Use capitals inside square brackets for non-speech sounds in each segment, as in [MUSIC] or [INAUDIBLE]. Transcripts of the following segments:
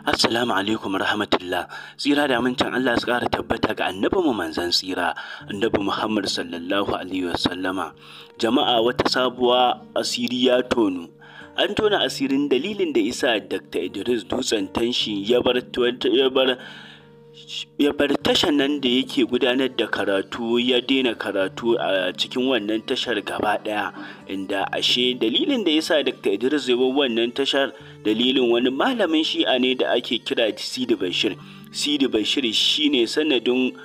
Assalamu alaikum rahmatullah. Tsira da amincin Allah su ƙara tabbata ga annabi mu manzan tsira, annabi Muhammad sallallahu alaihi wasallama. Jama'a wata sabuwa asiri ya tonu. An tona asirin dalilin da isa Dr. Idris Dutsen Tanshi ya bar ya bar tashar nan da yake gudanar da karatu ya daina karatu a cikin wannan tashar gaba ɗaya inda ashe dalilin da yasa Dr. Idris ya bar wannan tashar dalilin wani malamin shi'a ne da ake kira Sidi Bashir Sidi Bashir shine sanadin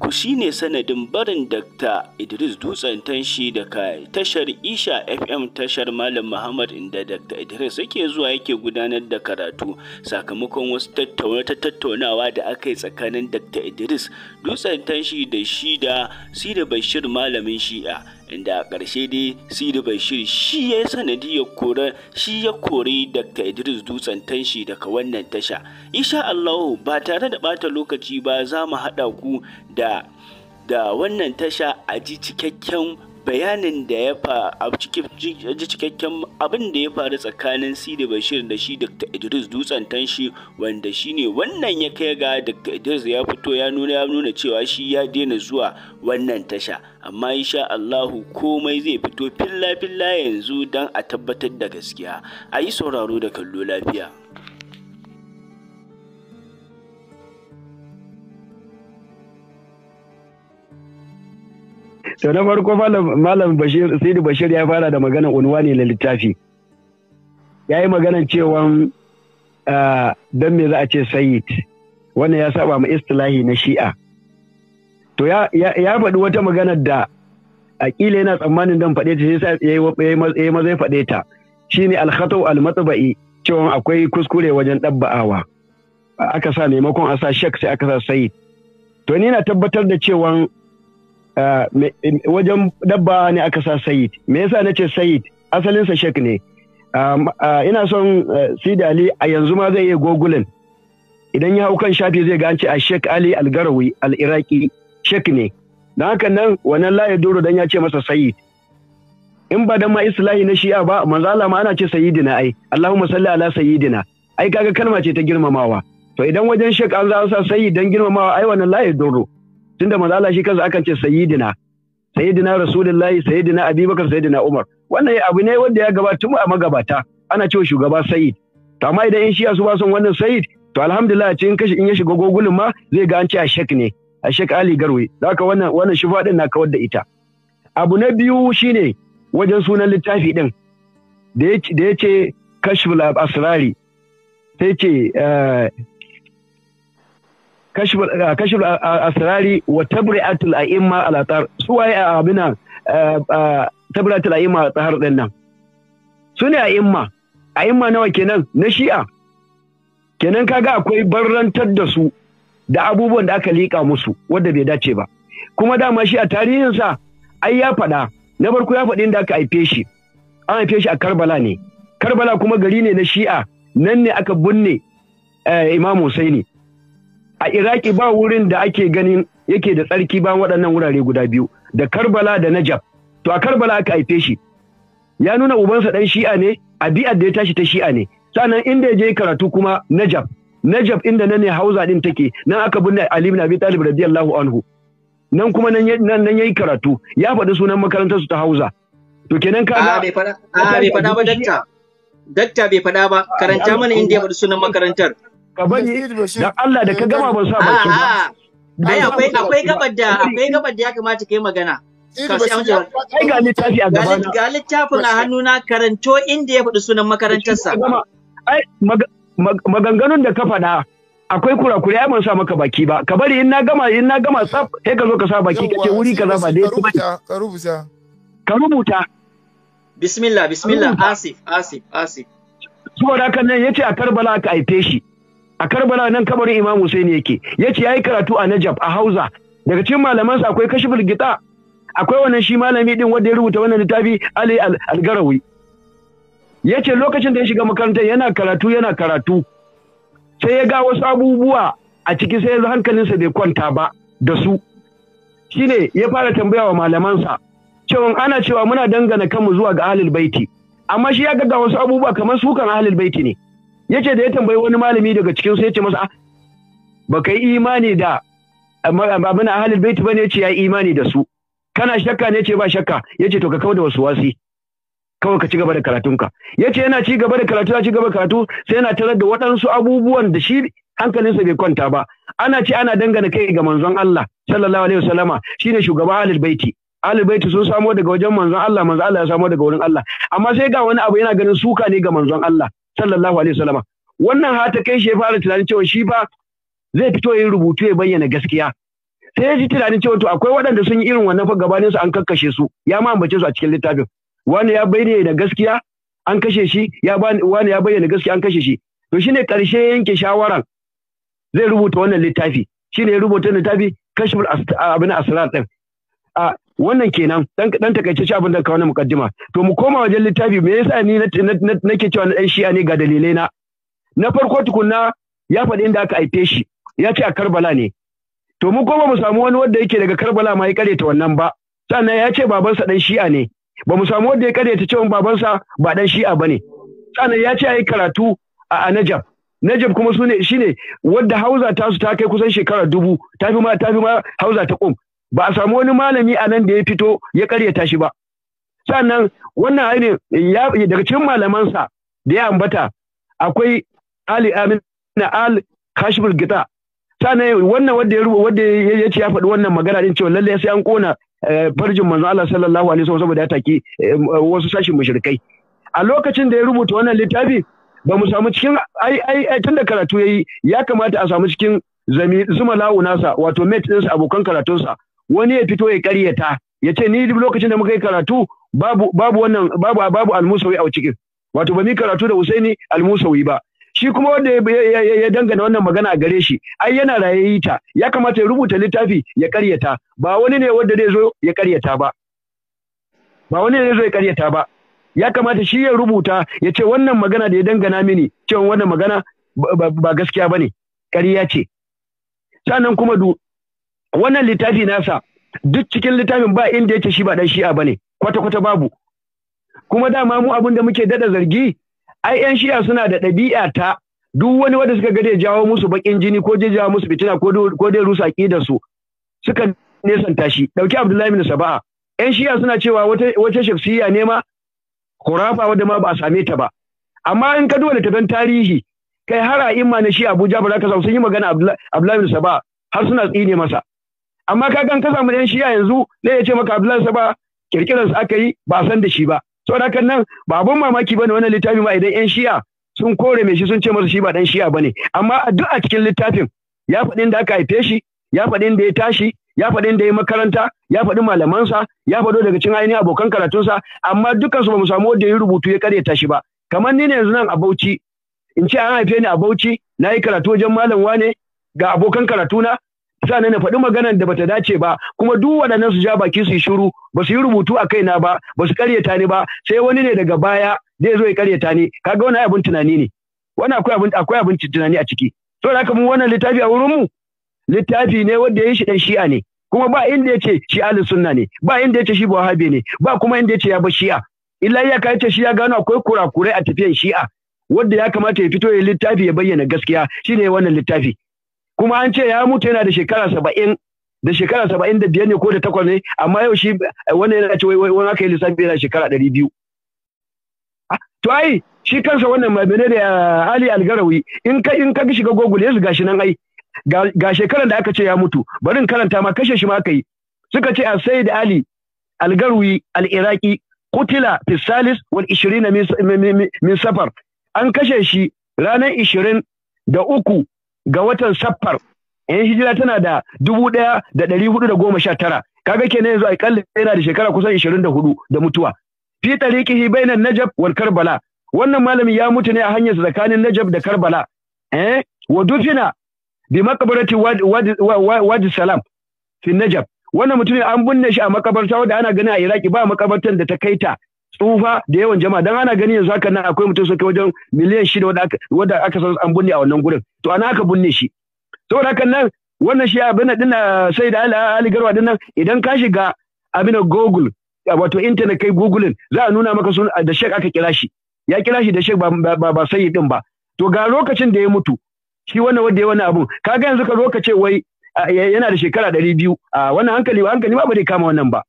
ku shine sanadin barin Dr. Idris Dutsen Tanshi da kai tashar Isha FM tashar Malam Muhammad inda Dr. Idris yake zuwa yake gudanar da karatu sakamakon wasu tattaunawa da aka yi tsakanin Dr. Idris Dutsen Tanshi da shi da Sida Bashir malamin Shi'a. inda a ƙarshe dai sidi bashir shi ya yi sanadiyar kore shi ya kori daga idris dutsen tanshi daga wannan tasha insha allahu ba tare da ɓata lokaci ba za mu haɗa ku da wannan tasha a ji cikakken bayanin da ya fa cikakken abin da ya faru tsakanin da Bashir da shi Dr. Idris Dutsen Tanshi wanda shi ne wannan ya kai ga Dr. Idris ya fito ya nuna ya nuna cewa shi ya daina zuwa wannan tasha amma insha Allahu komai zai fito filla filla yanzu don a tabbatar da gaskiya a yi sauraro da kallo lafiya to na farko malam bashir sidi bashir ya fara da magana unwani na littafi ya yi maganar cewa don me za a ce sayid wannan ya saba ma istilahi na shi'a to ya faɗi wata magana da a ƙila yana tsammanin dan faɗe ta sai ya yi mazai faɗe ta Shi ne alhatau almatsaba'i cewa akwai kuskure wajen ɗabba'awa aka sa maimakon a sa shek sai aka sa sayid to ni na tabbatar da cewa Ah, wajen dabba ne aka sa sayid me yasa na ce sayid asalinsa shek ne ah, ah, ina son eh, sidi ali a yanzu ma zai yi gogulin idan ya hau kan shafi zai ga ce a shek ali algarawi al-iraki shek ne dan haka nan wannan laye doro dan ya ce masa sayid in ba dan ma islahi na shi'a ba manzo Allah ma ana ce sayyidina ai Allahumma salli ala sayyidina ai kaga kalma ce ta girmamawa to idan wajen shek an za sa sayyid dan girmamawa ai wannan laye doro tunda manzo Allah shi kansa akan ce sayyidina sayyidina rasulullahi sayyidina abubakar sayyidina umar wannan abu ne wanda ya gabata mu a magabata ana cewa shugaba sayyid to amma idan in shiya su ba son wannan sayyid to alhamdulillah a in kashi in ya shiga gogulun ma zai ga an ce a shek ne a shek ali garwe haka wannan wannan shifa din na kawar da ita abu na biyu shine wajen sunan littafi din da ya ce kashful asrari sai ce eh, kashful eh, eh, eh, asrari wa tabri'atul a'imma al atar su waye a tabri'atul a'imma a atar din nan su ne a'imma a'imma nawa kenan na shi'a kenan kaga akwai barrantar da su da abubuwan da aka liƙa musu wadda bai dace ba kuma dama shi a tarihinsa ai ya faɗa na barko ya faɗi inda aka haife shi an haife shi a Karbala ne Karbala kuma gari ne na Shi'a nan ne aka binne Imam Husaini a iraki ba wurin da ake ganin yake da tsarki ba waɗannan wurare guda biyu da karbala da najab to a karbala aka haife shi ya nuna ubansa ɗan shi'a ne addi'ar da ya tashi ta shi'a ne sannan inda ya je karatu kuma najab najab inda nan ne hauza din take nan aka binne ali ibn abi talib radiyallahu anhu nan kuma nan nan yayi karatu ya faɗi sunan makarantar su ta hauza to kenan kaga a ah, bai faɗa a ah, bai faɗa ba dakta dakta bai faɗa ba karanta mana inda ya faɗi sunan makarantar ka bari dan Allah da ka gama ban sa bakin ba ai akwai akwai gabar da akwai gabar da ya kamata kai magana kai ga littafi a gaba ga littafin a hannuna karanto inda ya faɗi sunan makarantarsa ai maganganun da ka faɗa akwai kurakure ai ban sa maka baki ba ka bari in na gama in na gama tsaf sai ka zo ka sa baki kace wuri kaza ba dai ka rubuta ka rubuta bismillah bismillah asif asif asif saboda haka nan ce a Karbala aka haife shi a Karbala nan kabarin Imam Hussein yake yace yayi karatu a Najaf a Hausa daga cikin malamansa sa akwai Kashful Gita akwai wannan shi malami din wanda ya rubuta wannan littafi Ali Al-Garawi yace lokacin da ya shiga makarantar yana karatu yana karatu sai ya ga wasu abubuwa a ciki sai yanzu hankalinsa bai kwanta ba da su shine ya fara tambaya wa malamansa cewa ana cewa muna dangana kanmu zuwa ga ahlul baiti amma shi ya ga wasu abubuwa kamar su kan ahlul baiti ne yace da ya tambayi wani malami daga cikin su yace masa ah, ba kai imani da abin ahalul baiti bane yace ya yi imani da su kana shakka ne yace ba shakka yace to ka kawo da wasu wasi kawai ka ci gaba da karatunka yace yana ci gaba da karatu ya ci gaba da karatu sai yana tarar da waɗansu abubuwan da shi hankalinsa bai kwanta ba ana ce ana dangana kai ga manzon Allah sallallahu alaihi wasallama shine shugaban ahlul baiti ahlul baiti sun samo daga wajen manzon Allah manzon Allah ya samo daga wurin Allah amma sai ga wani abu yana ganin suka ne ga manzon Allah sallallahu alaihi wasallama wannan ha ta kai shi ya fara tunanin cewa shi ba zai fito yin rubutu ya bayyana gaskiya sai ya ji tunanin cewa to akwai waɗanda sun yi irin wannan fa gabanin su an kakkashe su ya ma ambace su a cikin littafin wani ya bayyana gaskiya an kashe shi ya wani ya bayyana gaskiya an kashe shi to shine karshe yanke shawaran zai rubuta wannan littafi shine ya rubuta littafi kashful abin asrar din a wannan kenan dan dan takaice abin da kawo na mukaddima to mu koma wajen littafi me yasa ni nake cewa na dan shi'a ne ga dalilai na na farko tukunna ya faɗi inda aka haife shi ya ce a Karbala ne to mu koma mu samu wani wanda yake daga Karbala ma ya ta wannan ba sannan ya ce babansa dan shi'a ne ba mu samu wanda ya ta cewa babansa ba dan shi'a bane sannan ya ce ai karatu a Najaf Najib kuma sune shine wadda hauza ta su ta kai kusan shekara dubu ta ma tafi ma hauza ta kum ba a samu wani malami a nan da ya fito ya karyata shi ba sannan wannan aini daga cikin malamansa da ya ambata akwai ali amin al kashmir gita sannan wannan wanda ya wanda ya ce ya faɗi wannan magana din cewa lalle sai an kona eh, farjin manzo Allah sallallahu alaihi wasallam saboda ya taki eh, wasu sashin mushrikai a lokacin da ya rubuta wannan littafi ba mu samu cikin ai ai tunda karatu yayi ya kamata a samu cikin zumi zuma lawu wato mate ɗinsa abokan karatunsa wani ya fito ya karyata ya ce ni duk lokacin da muka yi karatu babu babu wannan babu babu almusawi a cikin wato ba mu karatu da Husaini almusawi ba shi kuma wanda ya dangana wannan magana a gare shi ai yana rayayi ta ya kamata ya rubuta littafi ya karyata ba wani ne wanda zai zo ya karyata ba ba wani ne zai zo ya karyata ba ya kamata shi ya rubuta ya ce wannan magana da ya dangana mini cewa wannan magana ba gaskiya bane ƙarya ce sannan kuma wannan littafi nasa duk cikin littafin ba inda yake shi ba dan shi'a bane kwata kwata babu kuma dama mu abin da muke dada zargi ai yan shi'a suna da ɗabi'a ta duk wani wanda suka ga jawo musu bakin jini ko je jawo musu fitina ko dai rusa kidan su suka nesanta shi dauki Abdullahi bin Saba'a yan shi'a suna cewa wata wata shafsiya ne ma Kurafa wadda ma ba a same ta ba amma in ka duba littafin tarihi kai har a imma na shi Abuja ba za ka sun yi magana Abdullahi bin Saba'a har suna tsine masa amma ka gan ka samu yan shiya yanzu ne ya ce maka Abdullahi ba, kirkirar su aka yi ba san da shi ba da kan nan ba abun mamaki bane wannan littafin ma idan yan shiya sun kore mai shi sun ce masa shi ba dan shiya bane amma a duk a cikin littafin ya faɗin da aka haife shi ya faɗin da ya tashi ya faɗin da ya makaranta ya faɗi malamansa ya faɗo daga cikin ainihin abokan karatunsa amma dukansu ba mu samu wanda ya rubutu ya karyata shi ba kamar ni ne yanzu nan a Bauchi in ce an haife ni a Bauchi na yi karatu wajen malam wane ga abokan karatuna sannan na faɗi maganar da bata dace ba kuma duk waɗannan su ja baki su yi shiru ba su yi rubutu a kaina ba ba su karyata ni ba sai wani ne daga baya zai zo ya karyata ni kaga wani abin tunani ne wani akwai abin akwai abin tunani a ciki da haka mu wannan littafi a wurin mu littafi ne wanda ya shi dan shi'a ne kuma ba inda ya ce shi alin sunna ne ba inda ya ce shi wahabi ne ba kuma inda ya ce ya ba shi'a illa ya kai ce shi ya gano akwai kurakurai a tafiyan shi'a wanda ya kamata ya fito ya littafi ya bayyana gaskiya shine wannan littafi kuma an ce ya mutu yana da shekara saba'in da shekara saba'in da biyar ne ko da takwas ne amma yau shi eh, wani yana ce wani aka yi lissafi yana shekara ɗari biyu ah, to ai shi kansa wannan mai da ah, Ali Algarawi in ka in ka shiga Google yanzu gashi nan ai ga shekaran da aka ce ya mutu bari in karanta ma kashe shi ma aka yi suka ce a sai da Ali Algarawi al-Iraqi kutila fi salis wal 20 min safar an kashe shi ranar ishirin da uku ga watan Saffar yan hijira tana da dubu ɗaya da ɗari hudu da goma sha tara kaga kenan yanzu a aƙalla yana da shekara kusan ishirin da hudu da mutuwa fi tariqihi bainan Najab, wal Karbala wannan malami ya mutu ne a hanyar tsakanin Najab da Karbala eh wa dufina bi maqbarati wadi Salam fi Najab. wannan mutum an binne shi a makabarta wanda ana gani a Iraki ba makabartar da ta kaita tsufa da yawan jama'a dan ana gani yanzu haka nan akwai mutum sun kai wajen miliyan shida wanda aka wanda aka san an binne a wannan gurin to ana aka binne shi saboda haka nan wannan shi abin din sai da Ali Garwa din nan idan ka shiga abin Google wato internet kai Google za a nuna maka sun da shek aka kira shi ya kira shi da shek ba ba, ba sai din ba to ga lokacin da ya mutu shi wannan wanda ya wannan abun kaga yanzu ka zo ka ce wai yana da shekara ɗari biyu a wannan hankali hankali ba bai kama wannan ba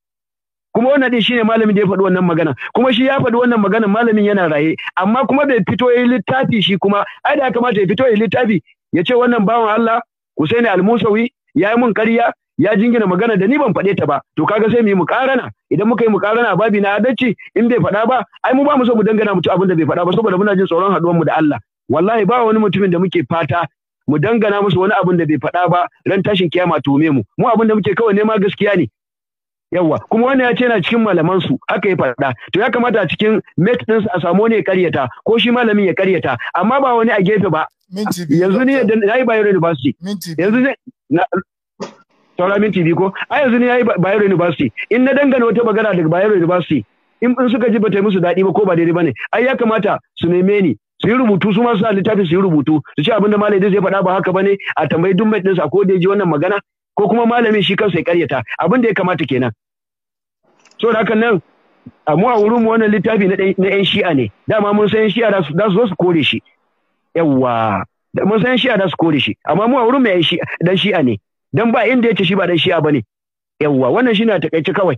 kuma wannan din shine malamin da ya faɗi wannan magana kuma shi ya faɗi wannan magana malamin yana raye amma kuma bai fito yayi littafi shi kuma ai da kamata ya fito yayi littafi ya ce wannan bawan Allah Husaini Al-Musawi ya yi mun ƙarya ya jingina magana da ni ban faɗe ta ba to kaga sai mu yi muƙarana idan muka yi muƙarana babi na adalci in bai faɗa ba ai mu ba mu so mu dangana mutu abin da bai faɗa ba saboda muna jin tsoron haɗuwar mu da Allah wallahi ba wani mutumin da muke fata mu dangana musu wani abin da bai faɗa ba ran tashin kiyama tume mu mu abin da muke kawai nema gaskiya ne yawa kuma wannan ya ce yana cikin malaman su aka yi faɗa to ya kamata a cikin mate ɗinsu a samu ne ya karyata ko shi malamin ya karyata amma ba wani a gefe ba yanzu ne ya yi Bayero University yanzu ne saura minti biyu ko a yanzu ne ya yi Bayero University in na dangana wata magana daga Bayero University in suka ji ba ta yi musu daɗi ba ko ba daidai ba ne ai ya kamata su neme ni su yi rubutu su ma su littafin su yi rubutu su ce abin da malai zai faɗa ba haka bane a tambayi duk mai ɗinsa ko da ya ji wannan magana ko kuma malamin shi kansa ya karyata abin da ya kamata kenan so da hakan nan mu a wurin wannan littafi na yan shi'a ne dama mun san shi'a da su zo su kore shi yawwa mun san shi'a da su kore shi amma mu a wurin mu yan shi'a dan shi'a ne dan ba inda yace shi ba dan shi'a bane yawwa wannan shine a takaice kawai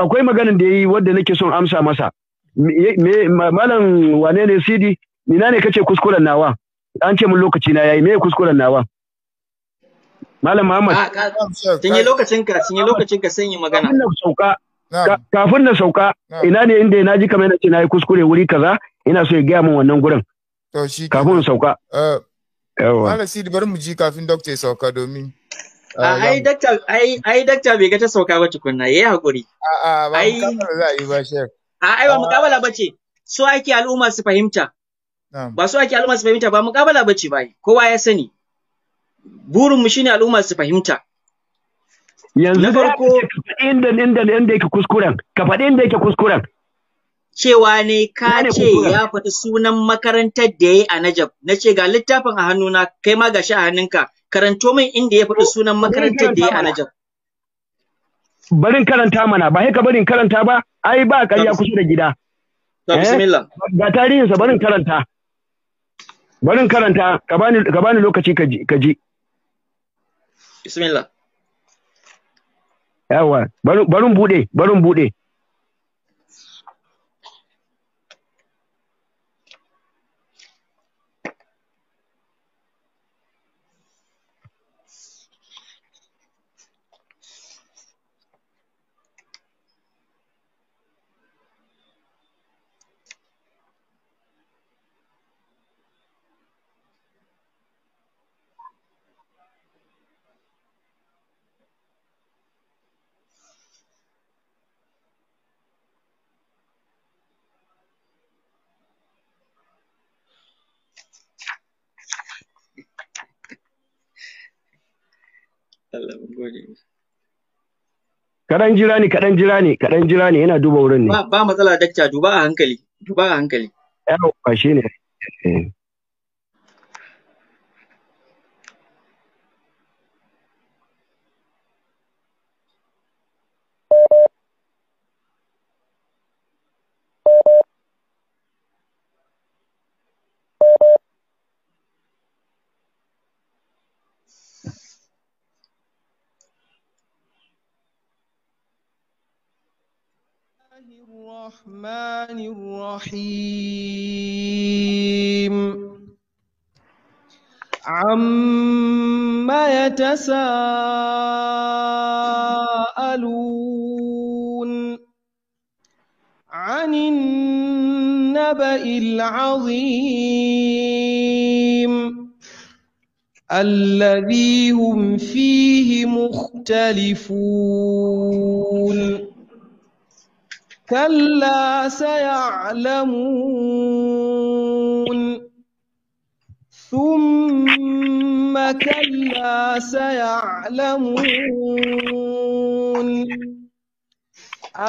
akwai maganin da yayi wanda nake son amsa masa malam wane ne sidi ina ne kace kuskuren nawa an ce mun lokaci na yayi me kuskuren nawa Malam Muhammad. Ah, yi lokacin ka, yi lokacin ka sanya magana. Kafin na sauka, kafin na sauka, ina ne inda na ji kamar na ce na yi kuskure wuri kaza, ina so ya gaya min wannan gurin. Kafin na sauka. Mala eh, Malam Sidi bari mu ji kafin dokta ya sauka domin. Ah, eh, ai dakta bai ga ta sauka ba tukunna yayi hakuri. A'a mu a ba shek. Ah, ba ce, So ake al'umma su fahimta. Ba so ake al'umma su fahimta ba mu ba bace bai. Kowa ya sani. burinmu shine al'umma su fahimta yanzu farko inda inda inda yake kuskuren ka faɗi inda yake kuskuren cewa ne ka ce ya faɗi sunan makarantar da yayi a Najab na ce ga littafin a hannuna kai ma gashi a hannunka karanto min inda ya faɗi sunan makarantar da yayi a Najab barin karanta mana ba haka barin karanta ba ai ba ƙarya kusa da gida eh? bismillah ga tarihinsa barin karanta barin karanta ka bani lokaci ka ji Bismillah. Yawa, barin bude, barin bude. kaɗan jira ne kaɗan jira ne kaɗan jira ne yana duba wurin ne ba matsala dakta duba a hankali duba a hankali yawa shi ne eh. الرحمن الرحيم عما يتساءلون عن النبأ العظيم الذي هم فيه مختلفون كلا سيعلمون ثم كلا سيعلمون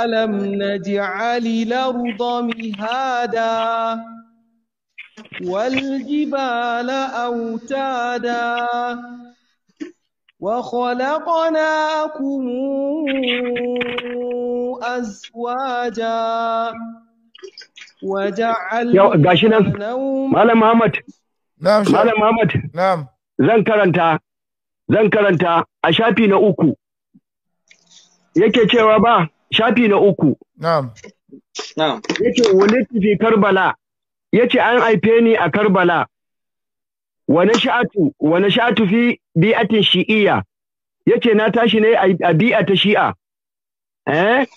ألم نجعل الأرض مهادا والجبال أوتادا وخلقناكم أزواجا وجعلنا نوم مالم محمد نعم مالم محمد نعم zan karanta zan karanta a shafi na uku yake cewa ba shafi na uku yake wani fi karbala yace an aife ni a karbala wani sha'atu wani sha'atu fi bi'atin shi'iyya yace na tashi ne a bi'a ta shi'a eh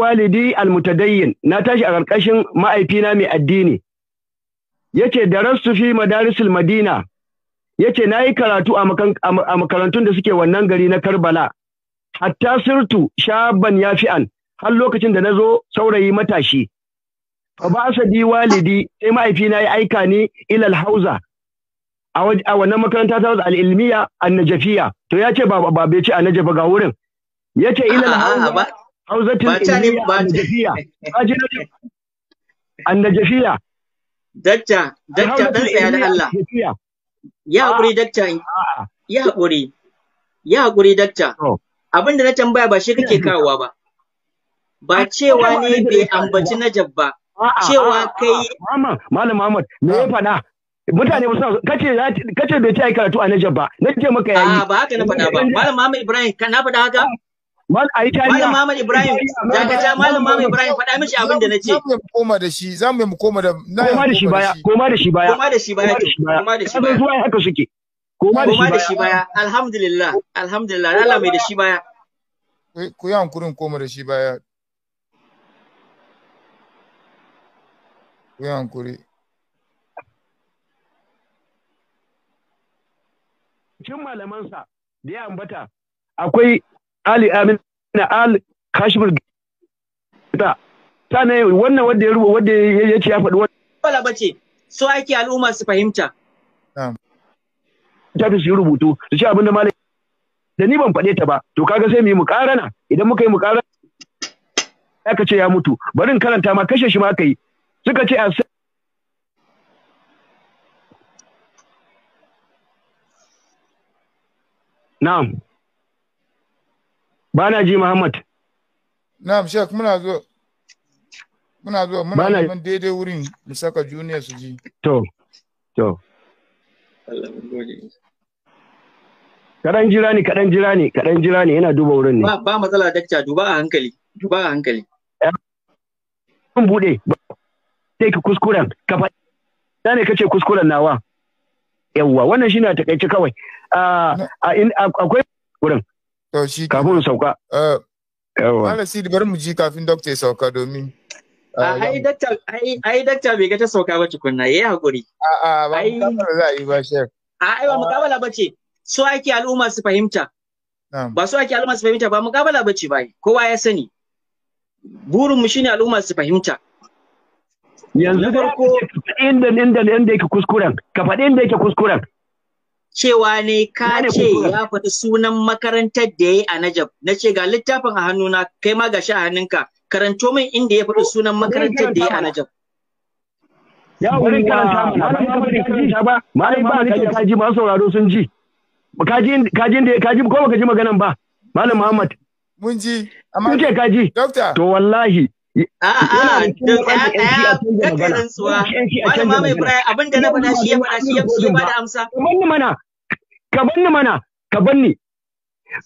walidi almutadayyin na tashi a ƙarƙashin ma'aifina mai addini yace darastu fi madarisul madina yace nayi karatu a makarantun da suke wannan gari na Karbala hatta sirtu shaban an, har lokacin da nazo saurayi matashi fa ba walidi sai mahaifina ya aika ni ilal hauza a wannan makaranta ta wasu al'ilmiya najafiya to ya ce ba bai ce a annajafa ga wurin ya ce ila hauzatin ilmiya a najafiya dakta dakta dan tsaya da Allah ya haƙuri dakta ya haƙuri ya haƙuri dakta abin da na tambaya ba shi kake kawowa ba ba cewa ne bai ambaci najab ba cewa kai Malam Muhammad me ya faɗa mutane ba suna kace kace bai ci karatu a Najab ba Na nace maka yayi a ba haka na faɗa ba malam Muhammad Ibrahim kana faɗa haka malam Muhammad Ibrahim daga ta malam Muhammad Ibrahim faɗa mishi abin da nace zamu mu koma da shi zamu mu koma da koma da shi baya koma da shi baya koma da shi baya koma da shi baya zuwa haka suke koma da shi baya alhamdulillah alhamdulillah Allah mai da shi baya ku yi hankurin koma da shi baya ku yi hankuri cikin malamansa da ya ambata akwai Ali Amin na Al Kashmir da sannan wannan wanda ya rubuta wanda ya ce ya faɗi wannan wala bace so ake al'umma su fahimta ta fi su rubutu su ce abinda malam da ni ban faɗe ta ba to kaga sai mu yi muƙarana idan muka yi muƙarana aka ce ya mutu Barin karanta ma kashe shi ma aka yi suka ce a Na'am. Bana ji Muhammad. Na'am Sheikh muna zo. Muna zo muna neman daidai wurin mu saka junior su ji. To. To. Kaɗan jira ne, kaɗan jira ne, kaɗan jira ne, yana duba wurin ne. Ba matsala dakta, duba a hankali, duba a hankali. Zan buɗe, sai ki kuskuren, ka faɗi. ne kace kuskuren nawa? yawwa wannan shine a takaice kawai akwai wurin kafin sauka eh, yawwa Sidi bari mu ji kafin dokta ya sauka domin. Eh, ai dokta bai ga ta sauka ba tukunna yayi hakuri. A'a ba za a yi ba shek. A'a ba mukabala bace. So ake al'umma su fahimta. Ba so ake al'umma su fahimta ba mukabala bace bai. Kowa ya sani. Burin mu shine al'umma su fahimta. yanzu farko inda inda inda yake kuskuren ka faɗi inda yake kuskuren cewa ne ka ce ya faɗi sunan makarantar da yayi yi a Najab na ce ga littafin a hannuna kai ma gashi a hannunka karanto min inda ya faɗi sunan makarantar da yayi yi a Najab ya wuri karanta ba malam ba ka kaji ma sauraro sun ji kaji kaji da kaji ko baka ji maganan ba malam Muhammad mun ji amma kaji to wallahi A'a, don ya ɗaya kakka rantsuwa. Wani ma mai fura abin da na faɗa shi ya faɗa shi ya fi ba da amsa. Ka banni mana, ka banni mana, ka banni.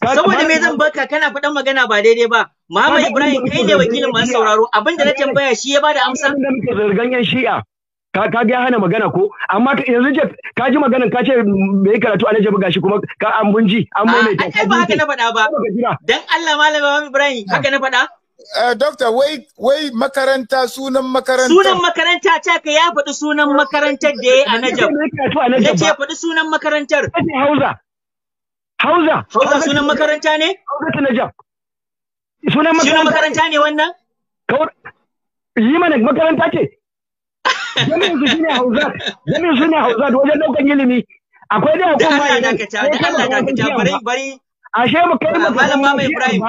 Saboda me zan baka kana faɗan magana ba daidai ba. Mama Ibrahim kai ne wakilin masu sauraro abin da na tambaya shi ya ba da amsa. Abin da muke zargan yan shi'a. Ka ka ga hana magana ko amma yanzu je ka ji maganan ka ce me yi karatu alaji ba gashi kuma ka an bunji an maimaita. Ai ba haka na faɗa ba. Dan Allah malama Ibrahim haka na faɗa. Uh, eh, Dokta, wai, wai makaranta sunan makaranta. Sunan makaranta ce ka ya faɗi sunan makarantar da ya a Najab. Ya ce faɗi sunan makarantar. Hausa. Hausa. Hausa sunan makaranta ne? Hausa ta Najab. Sunan makaranta. Sunan makaranta ne wannan? Kawar. Yi mana makaranta ce. Jami'in su shine Hausa. Jami'in su ne Hausa wajen ɗaukar ilimi. Akwai da hukuma. Da Allah dakata, da Allah dakata, bari bari. Ashe mu kai mu. Malama Ibrahim.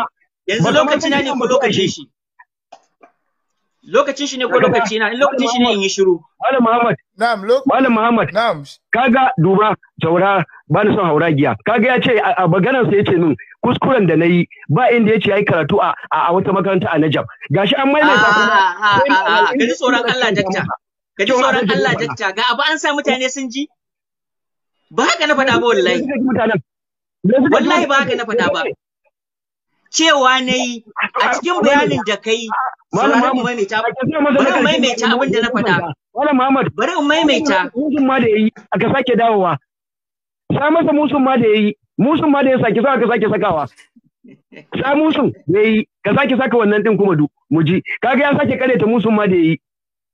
yanzu lokaci na ne ko lokacin shi lokacin shi ne ko lokaci na in lokacin shi ne in yi shiru malam muhammad na'am malam muhammad na'am kaga duba taura ba ni son giya, kaga ya ce a maganar sa yace min kuskuren da nayi ba inda yace yayi karatu a a wata makaranta a Najaf gashi an maimaita kuma ji tsoron Allah dakta ji tsoron Allah dakta ga abu an sa mutane sun ji ba haka na faɗa ba wallahi wallahi ba haka na faɗa ba cewa na yi a cikin bayanin da ka yi sauraron mu maimaita bari mu maimaita abin da na faɗa wala Muhammad bari mu maimaita musun ma da yayi aka sake dawowa sa masa musun ma da ya yayi musun ma da ya sake sa aka sake sakawa sa musun da ya yi, ka sake saka wannan din kuma du mu ji kaga ya sake kare ta musun ma da yayi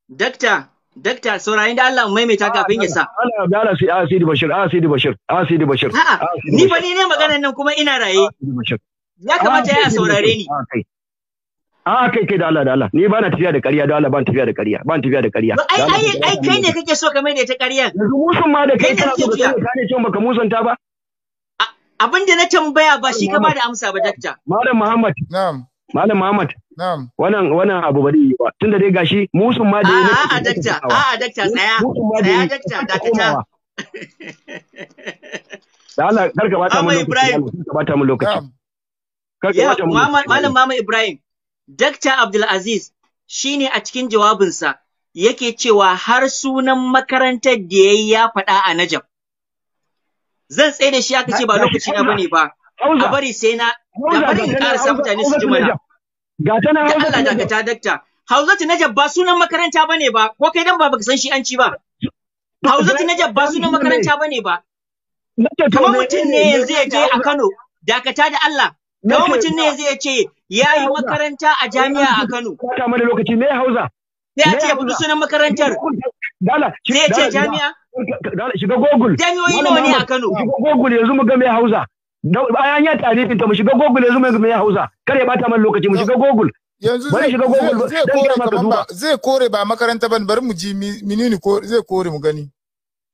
dakta Dakta, saurayin da Allah maimaita kafin ya sa. Allah da Allah sai Asidi Bashir, Asidi Bashir, Asidi Bashir. ni ba ni ne maganar nan kuma ina raye. Ya kamata ya saurare ni. A ah, ah, kai kai da Allah da Allah ni ba na tafiya da ƙarya da Allah ba tafiya da ƙarya ba na tafiya da ƙarya. Ai ai kai ne kake so ka mai da ta ƙarya. Yanzu musun ma da kai kana so ka ne cewa baka musanta ba. Abin da na tambaya ba shi ka ba da amsa ba dakta. Malam Muhammad. Na'am. Malam Muhammad. Na'am. Wannan wannan abu bari yi ba tunda dai gashi musun ma da A'a dakta a'a dakta tsaya tsaya dakta dakta. Da Allah kar ka bata mu lokaci. Kar ka bata mu lokaci. Malam Mama Ibrahim, Dakta Abdulaziz shi ne a cikin jawabinsa yake cewa har sunan makarantar da ya yi ya faɗa a Najaf. Zan tsaye da shi aka ce ba lokaci na bane ba, a bari sai na da bari in ƙarasa mutane su ji mana. Ga ta na Allah dakata Dakta. Hauzatu Najaf ba sunan makaranta bane ba, ko kai dan ba baka san shi an ci ba. Hauzatu Najaf ba sunan makaranta bane ba. Kamar mutum ne yanzu ya je a Kano, dakata da Allah, Don mutum ne zai ce ya yi makaranta a jami'a a Kano. Kata mana lokaci ne hauza. Sai a ce ya fito sunan makarantar. Sai ce jami'a. Shiga Google. Jami'oyi nawa ne a Kano. Shiga Google yanzu mu ga mai hauza. Bayan ya tarifin ta mu shiga Google yanzu mu ga hauza. Kar ya bata mana lokaci mu shiga Google. Yanzu zai kore ba zai kore ba makaranta ban bari mu ji menene zai kore mu gani.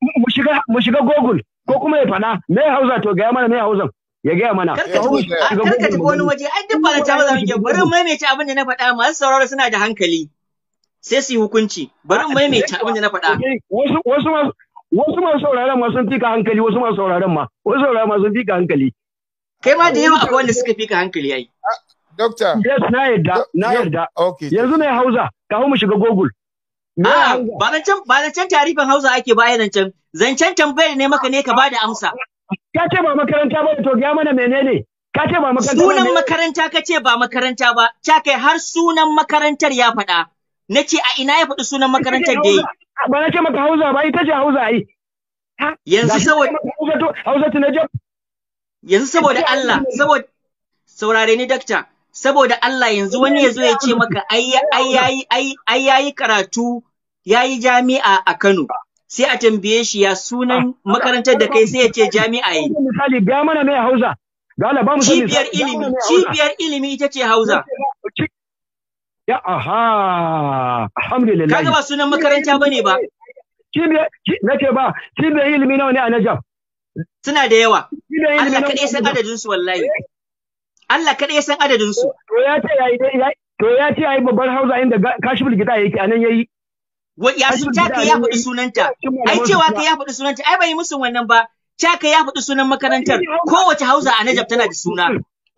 Mu shiga Google ko kuma ya fana me hauza to ga mana me hauza. ya gaya mana karka tafi wani waje ai duk ba ta maza muke bari maimaita abin da na faɗa masu sauraro suna da hankali sai su yi hukunci bari maimaita abin da na faɗa wasu wasu masu sauraron ma sun fika hankali wasu masu sauraron ma wasu sauraron ma sun fika hankali kai ma da yawa akwai wanda suka fika hankali ai ah, Dokta. Yes, na yarda, na yarda. Yanzu ne Hausa, ka mu shiga Google. Ah, ba na can tarifin Hausa ake bayanan zancen. Zancen tambayar ne maka ne ka ba da amsa. ka ce ba makaranta ba to ya mana menene ka ce ba makaranta sunan makaranta ka ce ba makaranta ba ta kai har sunan makarantar ya faɗa na ce a ina ya faɗi sunan makarantar da yi ba na ce maka hausa ba ita ce hausa ai yanzu saboda hausa na jab yanzu saboda Allah saboda saurare ni dakta saboda Allah yanzu wani ya zo ya ce maka ai yayi ai yayi karatu yayi jami'a a Kano sai a tambaye shi ya sunan ah, ah, makarantar da ah, kai sai ya ce jami'a yi. Misali ga mana ne Hausa. Cibiyar ilimi, cibiyar ilimi ita ce Hausa. Ya aha, alhamdulillah. Kaga ba sunan makaranta ne ba. Cibiyar ba, cibiyar ilimi nawa ne a Najaf? Suna da yawa. Allah kaɗai san adadinsu, wallahi. Allah kaɗai san adadinsu. To ya ce ya yi babbar Hausa inda kashiful gida yake anan yi? ya sun taka ya faɗi sunanta ai cewa ka ya faɗi sunanta ai bai musu wannan ba taka ya faɗi sunan makarantar kowace hausa a Najab tana da suna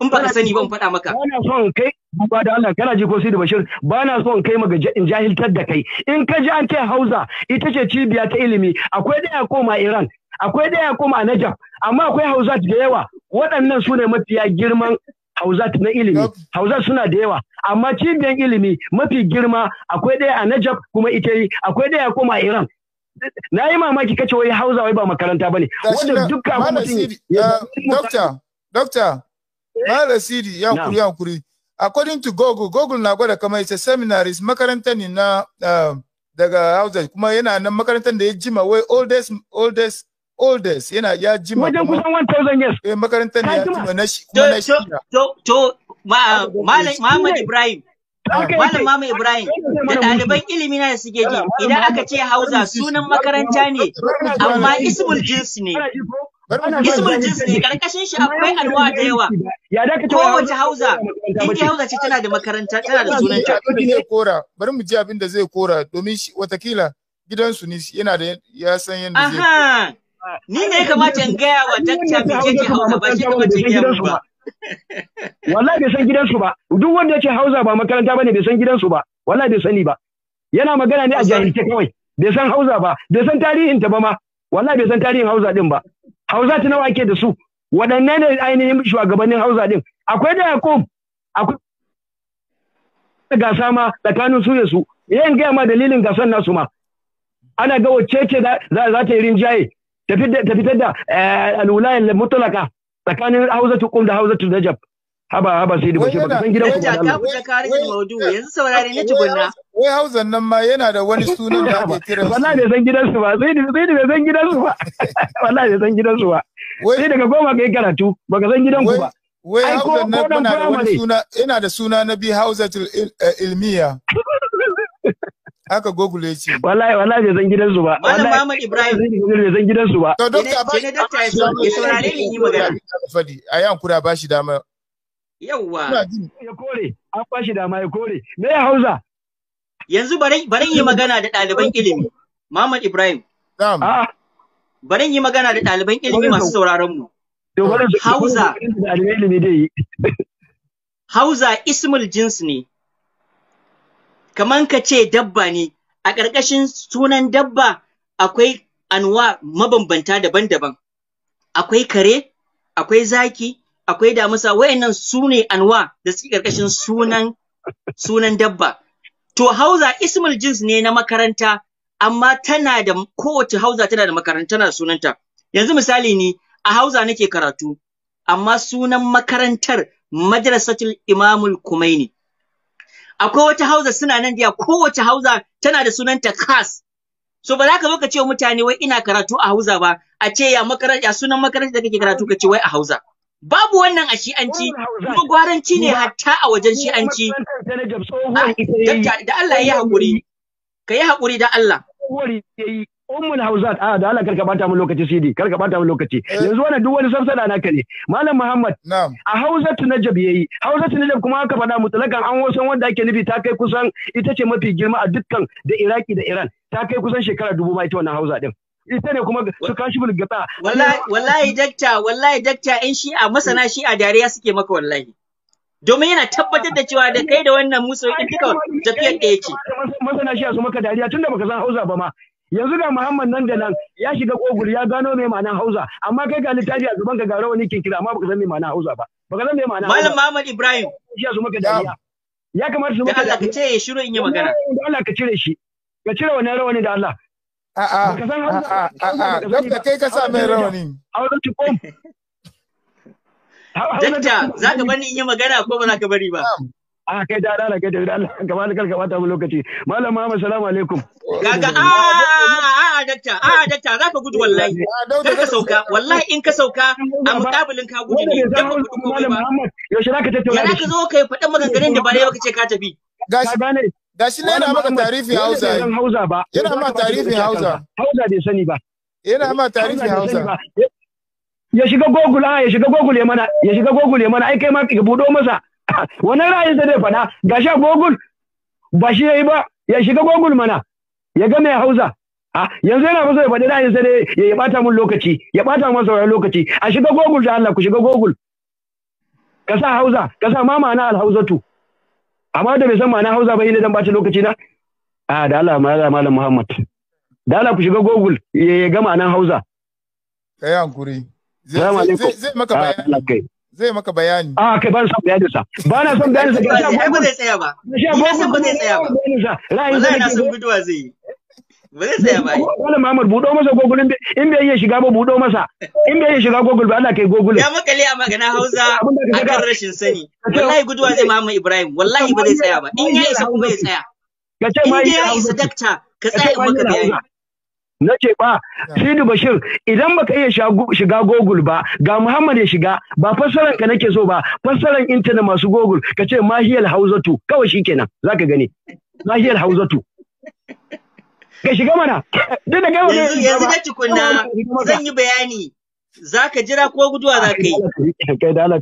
in ba ka sani ba in faɗa maka bana son kai duba da Allah kana ji ko sai da Bashir bana son kai maga in jahiltar da kai in ka ji an ce hausa ita ce cibiya ta ilimi akwai da ya koma Iran akwai da ya koma Najab amma akwai hausa da yawa waɗannan su ne mafiya girman hauzat na ilimi hauzat suna da yawa amma cibiyar ilimi mafi girma akwai ɗaya a najab kuma ita yi akwai ɗaya kuma iran na yi mamaki kace wai hausa wai ba makaranta bane wanda dukkan kuma mutum Mala Sidi ya uh, kuri ya kuri according to Google Google na gwada kamar ita seminaries makarantar ne na uh, daga Hausa kuma yana nan makarantar da ya jima wai oldest oldest oldest yana ya ji wajen kusan 1000 years eh makarantar ne ya ji na shi kuma na shi to to ah, malam Muhammad ah, Ibrahim Malam Muhammad Ibrahim da daliban ilimi na suke ji idan aka ce Hausa sunan makaranta ne amma ismul jins ne ismul jins ne karkashin shi akwai alwa da yawa ya da ka kowace Hausa idan Hausa ce tana da makaranta tana da sunan ta kora bari mu ji abin da zai kora domin watakila gidansu ne yana da ya san yadda zai Ni ne ya kamata in gaya wa dakta mai ke hausa ba shi kamata in gaya ba. Wallahi bai san gidansu ba. Duk wanda yake hausa ba makaranta bane bai san gidansu ba. Wallahi bai sani ba. Yana magana ne a jahilce kawai. Bai san hausa ba, bai san tarihin ta ba ma. Wallahi bai san tarihin hausa din ba. Hausa ta nawa ake da su. Waɗanne ne ainihin shugabannin hausa din? Akwai da Yakub, akwai gasa ma tsakanin su da su. Yan gaya ma dalilin gasan nasu ma. Ana ga wacce ce za ta yi rinjaye ta fitar da eh, alwilayar mutlaka tsakanin hauzatu kum da hauzatu najab haba haba sai da bashi baka san gidan ku ba Allah ta kare maudu yanzu saurare na tukunna wai hauzan nan ma yana da wani sunan da ake kira wallahi bai san gidan su ba sai da sai da bai san gidan su ba [LAUGHS] wallahi bai san gidan su ba sai daga goma kai karatu baka san gidan ku ba wai hauzan nan muna da wani suna yana da suna na bi hauzatul eh, ilmiya [LAUGHS] aka gogule ya ce. Wallahi wallahi bai zan gidansu ba. wallahi Muhammad Ibrahim. Bai zan gidansu ba. To dokta ba. ne dokta ya saurare ni yi magana. Fadi a yi kura ba shi dama. Yawwa. Ya kore an ba shi dama ya kore. Me ya hausa? Yanzu barin yi magana da daliban ilimi. Muhammad Ibrahim. Na'am. Barin yi magana da daliban ilimi masu sauraron mu. Hausa. Hausa ismul jins ne. kaman ka ce dabba ne a ƙarƙashin sunan dabba akwai anwa mabambanta daban-daban akwai kare akwai zaki akwai damusa wayannan su ne anwa da suke ƙarƙashin sunan sunan dabba to hauza ismul jins ne na makaranta amma tana da kowace hauza tana da makaranta sunanta yanzu misali ne, a hauza nake karatu amma sunan makarantar madrasatul imamul kumaini akwai wata hausa suna nan da kowace hausa tana da sunanta khas so ba za ka zo ka ce wa mutane wai ina karatu a hausa ba a ce ya makaranta sunan makaranta da kake karatu ka ce wai a hausa babu wannan a shi'anci kuma gwaranci ne hatta a wajen shi'anci da Allah ya yi hakuri, ka yi hakuri da Allah ummul hauzat a ah, da Allah karka bata mu lokaci sidi karka bata mu lokaci eh. yanzu wannan duk wani samsada naka ne malam Muhammad a hauzat najab yayi hauzat najab kuma aka faɗa mutlakan an wasan wanda ake nufi ta kai kusan ita ce mafi girma a dukkan da Iraki da Iran ta kai kusan shekara dubu ma ita wannan Hausa din ita ne kuma su kashi bul gata wallahi dakta wallahi dakta in a masana shi a dariya suke maka wallahi domin yana tabbatar da cewa da kai da wannan musu in duka tafiyar ɗaya ce. Masana shi a su maka dariya tunda baka san Hausa ba ma yanzu ga Muhammad nan da nan ya shiga ogun ya gano mai ma'anar Hausa amma kai ga littafi a gaban ka ga rawani kinkira kira amma baka san mai ma'anar Hausa ba baka san mai ma'anar Malam Muhammad Ibrahim ya su maka dariya ya kamata su maka Allah ka ce ya shiru in yi magana Allah ka cire shi ka cire wannan rawani da Allah a'a a'a a'a dokta kai ka sa mai rawani auren ki kom [LAUGHS] Dakta, za ka bani in yi magana ko ba za ka bari ba? a kai da Allah kai da Allah kamar kar ka bata mu lokaci malam Muhammad assalamu alaikum kaga a a dakta a dakta za ka gudu wallahi kar ka sauka wallahi in ka sauka a mukabilin ka gudu ne dan ka gudu malam ba yaushe zaka tattauna da shi zo kai faɗa maganganun da ba dai ka ce ka tafi gashi gashi ne yana maka tarifi Hausa yana maka tarifi Hausa Hausa bai sani ba yana ma tarihi Hausa. Ya shiga Google ya shiga Google ya mana, ya shiga Google ya mana, ai kai ma ka budo masa. [LAUGHS] wani ra'ayin da zai faɗa ga a google ba shi ya yi ba ya shiga gogul mana ya ga mai hausa yanzu yana ba ya faɗi ra'ayin sa dai ya ɓata mun lokaci ya ɓata mun sauran lokaci a shiga gogul da Allah ku shiga gogul ka sa hausa ka sa ma ma'ana alhauzatu amma da bai san ma'ana hausa ba ne dan bata lokaci na a da Allah ma da malam Muhammad da Allah ku shiga gogul ya ga ma'anan hausa kai hankuri zai maka bayani zai maka bayani. A ah, kai ba na son bayanin sa. Ba na son bayanin sa. Ai ba zai tsaya ba. Ba na san ba zai tsaya ba. Wallahi na ba. Ba zai yi. Ba zai tsaya ba. Wani Muhammad buɗo masa Google in bai iya shiga ba buɗo masa. In bai iya shiga Google ba Allah kai Google. Ya makale a magana Hausa a kan rashin sani. Wallahi guduwa zai Muhammad Ibrahim. Wallahi ba zai tsaya ba. In ya isa kuma ya tsaya. In ya isa dakta ka tsaya maka bayani. na ce ba Sidi Bashir idan baka iya shiga Google ba ga Muhammad ya shiga ba fassaran ka nake so ba fassaran intanet masu Google ka ce mahiyal hauzatu kawai shikenan zaka gani mahiyal hauzatu ka shiga mana duk da kai ne yanzu na tukunna zan yi bayani zaka jira ko guduwa zaka yi kai da Allah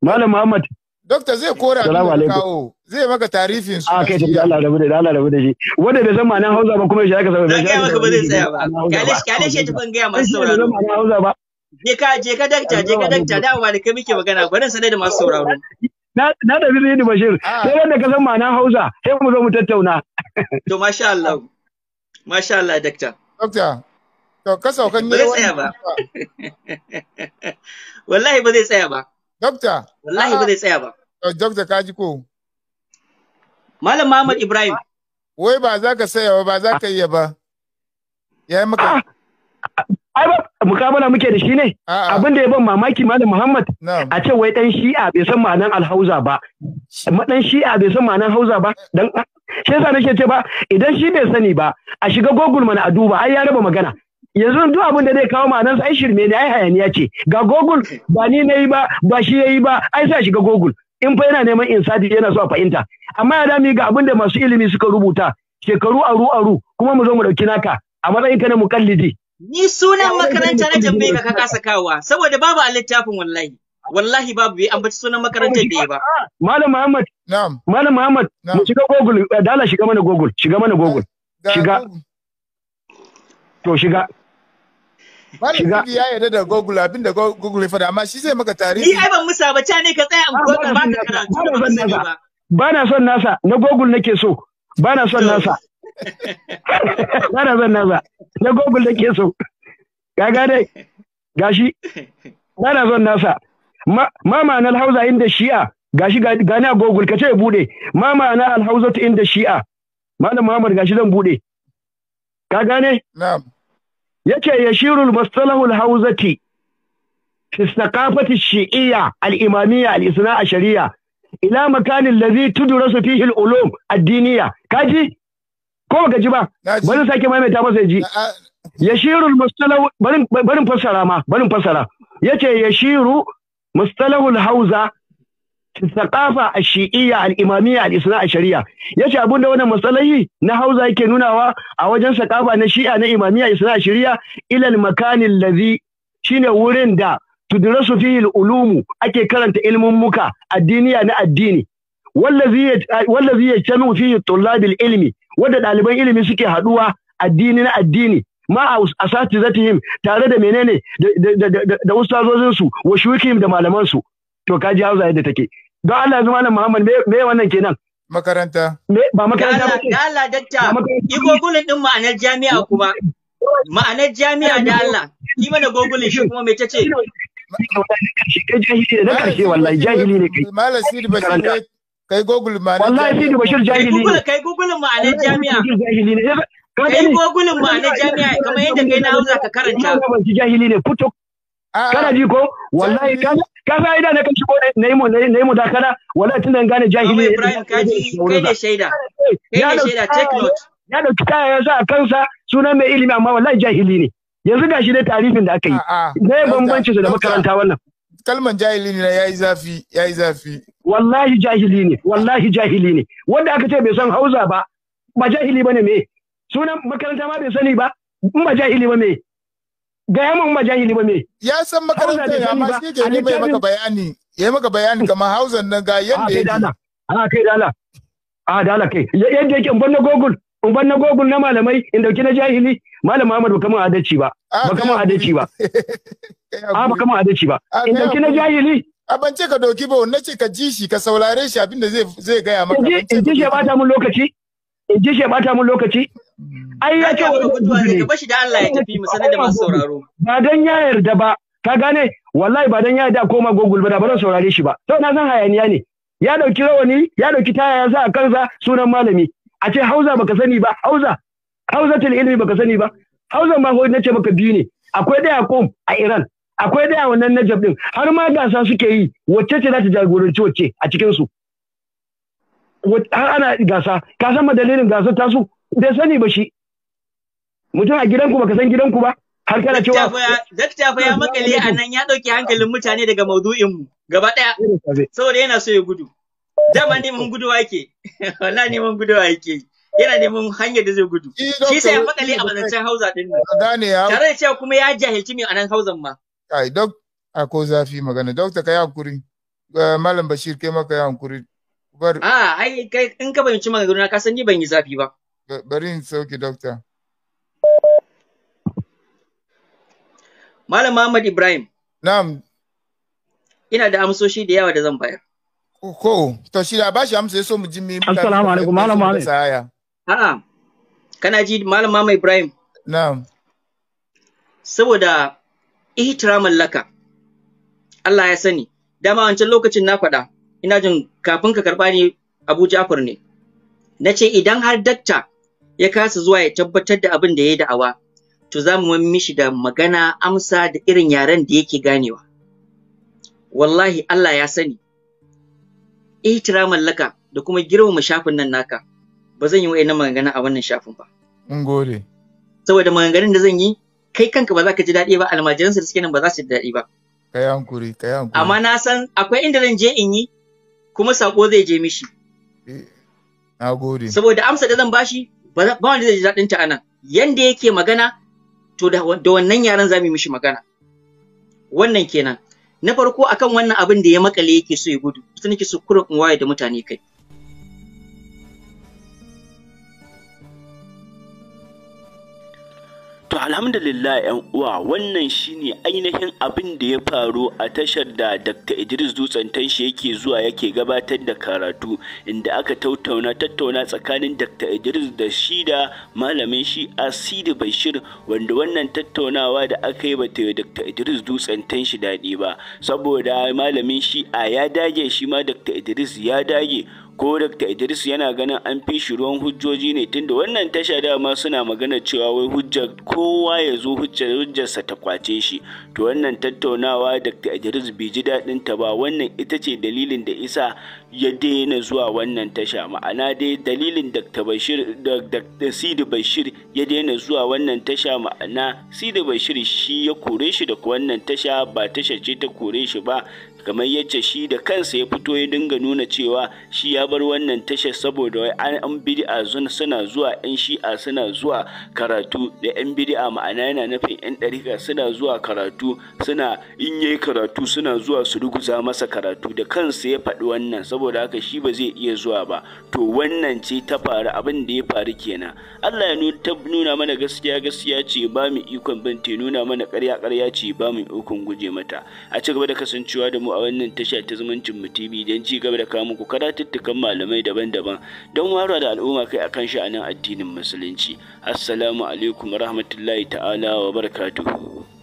Malam Muhammad Dokta zai kora da kawo zai maka tarifin su. A ah, kai tafi Allah da shi Allah rabu da shi. Wanda bai san ma'anar Hausa ba kuma ya shaka saboda shi. Zaka ba zai tsaya ba. Kalesh kalesh ya tafi gaya masu sauraro. Hausa Je ka je ka dakta je ka dakta da ah, dawowa da kai muke magana gwanin sanar da masu sauraro. Na da zai da Bashir. Ah. Sai wanda ka san ma'anar Hausa sai mu zo mu tattauna. To masha Allah. Masha Allah dakta. Dokta. To ka saukan ne Ba zai tsaya ba. [LAUGHS] Wallahi ba zai tsaya ba. Dokta. Wallahi ba zai tsaya ba. Dokta kaji ko? Malam Muhammad Ibrahim. Wai ba za ka saya ba, ba za ka iya ba. Ya yi maka. Ai ba, mukabala muke da shi ne. Abin da ya ban mamaki Malam Muhammad. A ce wai dan shi'a bai san ma'anar alhauza ba. Dan shi'a bai san ma'anar hauza ba. Dan shi yasa nake ce ba idan shi bai sani ba a shiga Google mana a duba ai ya raba magana. yanzu duk abin da zai kawo ma'anar sa ai shirme ne ai hayaniya ce ga Google ba ni na yi ba ba shi ya yi ba ai sai a shiga Google in fa yana neman insadi yana so a fahimta amma ya dami ga abin da masu ilimi suka rubuta shekaru aru aru kuma mu zo mu dauki naka a matsayin ka na mukallidi ni sunan makaranta na jambe ka ka kasa kawa saboda babu a littafin wallahi wallahi babu bai ambaci sunan makarantar da ya ba ah, malam muhammad na'am malam muhammad mu shiga google eh, dala shiga mana google shiga mana google shiga to shiga Malam Bibi ya yarda da Google abin da Google ya faɗa amma shi zai maka tarihi. Ni ai ban musa ba ne ka tsaya a Google ba ka karatu ba. Ba na son nasa na Google nake so. Ba na son nasa. [LAUGHS] Ba na son nasa na Google nake so. Kaga dai gashi ba na son nasa. Ma na Hausa inda Shi'a gashi gani a Google ka ce bude. Ma ma'anar Hausa inda Shi'a. Malam Muhammad gashi zan bude. Ka gane? Na'am. yace yashirul mastalahul hauzati fi shi'iyya al-imamiyya al-isna ashariya ila makanin ladhi tudrasu fihi al-ulum ad-diniyya kaji ko baka ji ba bari sake maimaita masa ji yashirul mustalahu barin barin fassara ma barin fassara yace yashiru mustalahul hauza sakafa a shi'iyya al'imamiyya al'isna a shari'a ya ce da wannan matsalahi na hauza yake nunawa a wajen sakafa na shi'a na imamiyya isna a shari'a ilal makanin lazi shine wurin da tudrasu fihi ulumu ake karanta ilmin muka addiniya na addini wallazi ya canu fihi tullabil ilmi wadda ɗaliban ilimi suke haɗuwa addini na addini ma a sati zatihim tare da menene da ustazozinsu wa shukim da malamansu to ka ji hausa yadda take don Allah yanzu malam Muhammad me wannan kenan makaranta ba makaranta ba da Allah datta iko gulin din ma'anar jami'a kuma ma'anar jami'a da Allah yi mana gogulin shi kuma me tace kai jahili da karshe wallahi jahili ne kai malam Sidi Bashir kai gogul ma'anar wallahi Sidi Bashir jahili ne kai gogulin ma'anar jami'a jahili ne kai gogulin ma'anar jami'a kamar yadda kai na hausa ka karanta jahili ne fito kana ji ko wallahi kana ka san idan na kan shigo na yi mu ne yi mu dakara wala tun gane jahili ne. Ibrahim kaji kai ne shaida eh, kai ne shaida take note ya dauki kaya ya sa a kansa sunan mai ilimi amma wallahi jahili ne yanzu ga shi da tarifin da aka yi me bambanci su da makaranta wannan kalman jahili ne yayi zafi yayi zafi wallahi jahili ne wallahi jahili ne wanda aka ce bai san Hausa ba ba jahili bane me sunan makaranta ma bai sani ba in ba jahili ba me gaya mun ba ne ba me ya san makaranta ya ma shi ke ne maka bayani ya maka bayani kamar hausan nan ga yadda yake a kai dala a dala kai yadda yake ban na Gogul, in na na malamai in dauki na jahili malam Muhammad baka mun adalci ba baka mun adalci ba a baka [LAUGHS] mun adalci ba in dauki na jahili a ban ce ka doki ba wanda ce ka ji shi ka saurare shi abinda zai zai gaya maka in ji shi ya bata mun lokaci in ji shi ya bata mun lokaci ai ya ce wani bashi da Allah ya tafi mu sanar da masu sauraro ba dan ya yarda ba ka gane wallahi ba dan ya yarda koma Google ba da ba zan saurare shi ba to na san hayaniya ne ya dauki rawani ya dauki taya ya sa a kansa sunan malami a ce Hausa baka sani ba Hausa Hausatul ilmi baka sani ba Hausa ma ko nace maka biyu ne akwai da Yakum a Iran akwai da wannan Najab din har ma gasa suke yi wacce ce za ta jagoranci wacce a cikin su har ana gasa ka san dalilin gasar tasu bai sani ba shi mutum a gidanku baka san gidanku ba har kana cewa dakta fa ya makale a nan ya dauki hankalin mutane daga maudu'in mu gaba daya saboda yana so ya gudu dama neman guduwa yake [LAUGHS] wallahi neman guduwa yake yana neman hanyar da zai gudu shi sai ya makale a bazancen hausa din nan tare da cewa kuma ya jahilci mai nan hausan ma ai dok a ko zafi magana dokta kai hankuri eh, malam bashir kai maka hankuri bar a ah, ai kai in ka bayyanci magana ka san ni ban yi zafi ba Bari in sauki dokta. Malam Muhammad Ibrahim. Na'am. Ina da amsoshi da yawa da zan bayar. Ko, to shi da ba shi amsa so mu ji mi. Assalamu alaikum Malam Muhammad. A'a. Kana ji Malam Muhammad Ibrahim? Na'am. Saboda ihtiramin laka. Allah ya sani. Dama wancan lokacin na faɗa. Ina jin kafin ka karɓa ni Abu Ja'far ne. Na ce idan har dakta ya kasa zuwa ya tabbatar da abin da ya yi da'awa, to za mu mishi da magana amsa da irin yaren da yake ganewa. Wallahi Allah ya sani, ihtira mallaka da kuma girmama shafin nan naka, ba zan yi wa'ina magana a wannan shafin ba. In gode. Saboda maganganun da zan yi, kai kanka ba za ka ji daɗi ba, almajiransu da suke nan ba za su ji daɗi ba. Kai hankuri, kai hankuri. Amma na san akwai inda zan je in yi, kuma saƙo zai je mishi. Eh, na gode. Saboda amsa da zan bashi, ba wanda zai ji daɗin ta anan yanda yake magana to da wannan yaran zamu yi mishi magana wannan kenan na farko akan wannan abin da ya makale yake so ya gudu ita nake so kurin waye da mutane kai To alhamdulillah yan uwa wannan shine ainihin abin da ya faru a tashar da Dr. Idris Dutsen Tanshi yake zuwa yake gabatar da karatu inda aka tattauna tattauna tsakanin Dr. Idris da shi da malamin shi Sidi Bashir wanda wannan tattaunawa da aka yi bata yi Dr. Idris Dutsen Tanshi daɗi ba saboda malamin shi a ya dage shi ma Dr. Idris ya dage ko Dr. Idris yana ganin an fi shi ruwan hujjoji ne tunda wannan tasha dama suna magana cewa wai hujjar kowa ya zo hujjarsa ta kwace shi to wannan tattaunawa Dr. Idris bai ji daɗin ta ba wannan ita ce dalilin da isa ya daina zuwa wannan tasha ma'ana dai dalilin Dr. Bashir Sidi Bashir ya daina zuwa wannan tasha ma'ana Sidi Bashir shi ya kore shi da wannan tasha ba tasha ce ta kore shi ba kamar yadda shi da kansa ya fito ya dinga nuna cewa shi ya bar wannan tashar saboda wai an bid'a suna zuwa yan shi'a suna zuwa karatu da yan bid'a ma'ana yana nufin yan ɗarika suna zuwa karatu suna in yayi karatu suna zuwa su ruguza masa karatu da kansa ya faɗi wannan saboda haka shi ba zai iya zuwa ba to wannan ce ta faru abin da ya faru kenan Allah ya nuna mana gaskiya gaskiya ce ba mu ikon binta nuna mana ƙarya ƙarya ce ba mu ikon guje mata a ci gaba da kasancewa da mu a wannan tasha ta zumuncin mu TV don ci gaba da kawo muku karatuttukan malamai daban-daban don wara da al'umma kai akan sha'anin addinin musulunci. Assalamu alaikum rahmatullahi ta'ala wa barakatuhu.